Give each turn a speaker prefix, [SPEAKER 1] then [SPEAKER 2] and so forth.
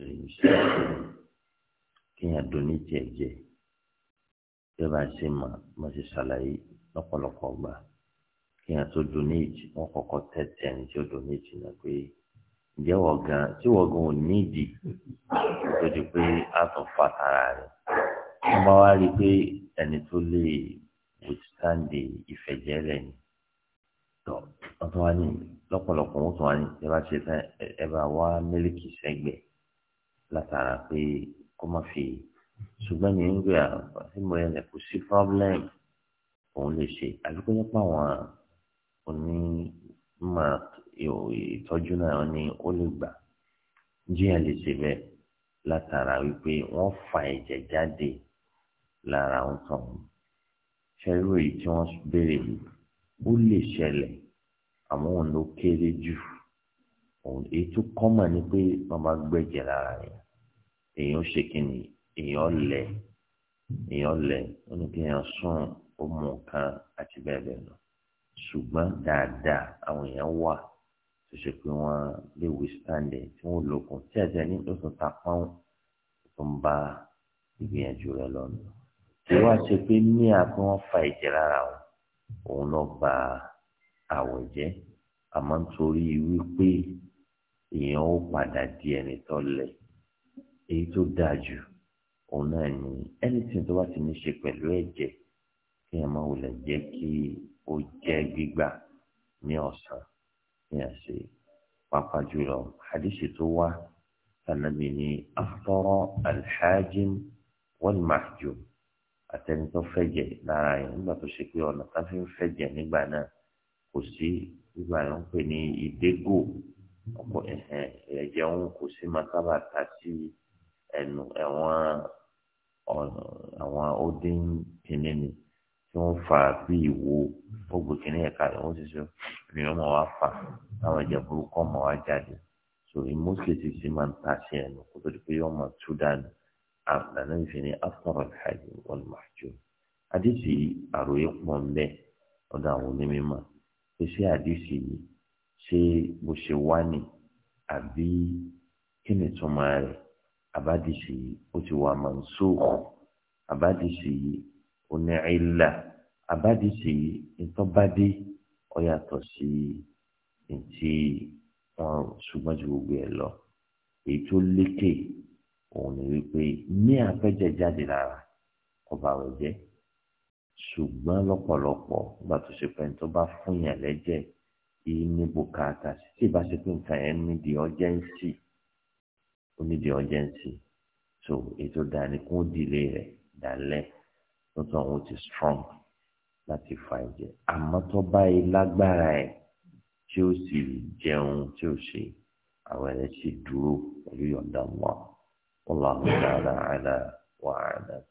[SPEAKER 1] èrè iṣẹ́ kéèyàn doni jẹ́jẹ́ bẹ́ẹ̀ bá ṣe mà mo ṣe ṣàlàyé lọ́pọ̀lọpọ̀ gbà kéèyàn tó donate wọ́n kọ́kọ́ tẹ̀tẹ̀ ẹni tí ó donate náà pé ǹjẹ́ wọ́n gan tí wọ́n gan ò ní ìdí tó di pé a tún fa tara rẹ̀ wọ́n bá wá rí i pé ẹni tó lè withstand ìfẹ̀jẹ̀lẹ̀ ni tọ́ wọ́n tún wá ní lọ́pọ̀lọpọ̀ wọ́n tún wá ní ẹ bá ṣe tán ẹ bá wá mílíkì sẹ́gbẹ̀ẹ́ látara pé kó má fi ṣùgbọ́n ní india ìmọ̀ ẹ̀rẹ̀ kò sí problem òun lè ṣe àbíkó nípa àwọn onímọ̀ ìtọ́jú náà ni ó lè gbà jíyàn lè ṣe bẹ́ẹ̀ látara wípé wọ́n fa ẹ̀jẹ̀ jáde lára ń tàn ṣẹ́rú èyí tí wọ́n béèrè yìí ó lè ṣẹlẹ̀ àmọ́ òun ló kéré jù èyí tó kọ́mọ̀ ni pé wọ́n bá gbẹ̀jẹ̀ lára yẹn èèyàn ṣe kìnnì èèyàn lẹ èèyàn lẹ wọn ni kéèyàn sùn ó mú nǹkan àti bẹ́ẹ̀ bẹ́ẹ̀ lọ ṣùgbọ́n dáadáa àwọn èèyàn wà tó ṣe pé wọ́n lè withstand ẹ̀ tí wọ́n lókun tí ẹ̀jẹ̀ ní lóṣù ta pọ́n tó ń bá ìgbìyànjú rẹ̀ lọ́nu tí wọ́n ṣe pé ní àpé wọ́n fa ẹ̀jẹ̀ lára wọn òun lọ ba àwọ̀ jẹ́ àmọ́ nítorí wípé èèyàn ó padà di ẹni tó lẹ̀ èyí tó dáa jù òun náà ni anything tó bá ti ní ṣe pẹ̀lú ẹ̀jẹ̀ kí ẹ máa wulẹ̀ jẹ́ kí ó jẹ́ gbígbà ní ọ̀sán ní àṣẹ pàápàá jùlọ hadisi tó wá sanabi ni aftara alhajim walmahjum àtẹni tó fẹ̀jẹ̀ lára yẹn nígbà tó ṣe pé ọ̀nà tá ń fẹ̀jẹ̀ nígbà náà kò sí nígbà yẹn ń pè ní ìdégò ọ̀pọ̀ ẹ̀jẹ̀ òun kò sí máa sábà ta sí i ẹnu ẹ̀wọ̀n àwọn ọdún kìíní ni tí wọ́n fa bí ìwo gbogbo kìíní ẹ̀ka rẹ̀ wọ́n ti sọ ènìyàn máa wá fa àwọn ẹ̀jẹ̀ burúkú ọmọ wa jáde so ìmúṣètì sì máa ń ta sí ẹnu kó tó di pé yọ́n máa tú dànù àgbàdo ìfìní after all hajj wọn máa jó àdìsí àròyé pọ̀ ń bẹ́ẹ̀ ọ̀dọ̀ àwọn onímọ̀ pé àdìsí yìí ṣé bó ṣe wá ní àbí kí ni ìtumọ̀ rẹ̀ Abadisi yìí ó ti wà mansukh àbádìsí yìí ó ní ìlà àbádìsí yìí ìtọ́bádé ó yàtọ̀ wọn ṣùgbọ́n gbogbo ẹ̀ lọ èyí tó lékè òun ni wípé ní afẹ́jẹ́ jáde lára ọba rẹ̀ jẹ́ ṣùgbọ́n lọ́pọ̀lọpọ̀ nígbà tó ṣe pé tó bá fún yàn lẹ́jẹ̀ yìí ní bùkátà sí tí ṣe pé nǹkan yẹn nídìí ọjẹ́ ń sì ó ní di urgency so ètò dání kún dìlé rẹ̀ dálẹ̀ lọ́tọ̀ àwọn ti strong láti fa ẹ̀jẹ̀ àmọ́ tó báyìí lágbára ẹ̀ tí ó sì jẹun tí ó ṣe àwọn ẹ̀rẹ́ sì dúró pẹ̀lú yọ̀ǹda wọn. والله تعالى على وعلم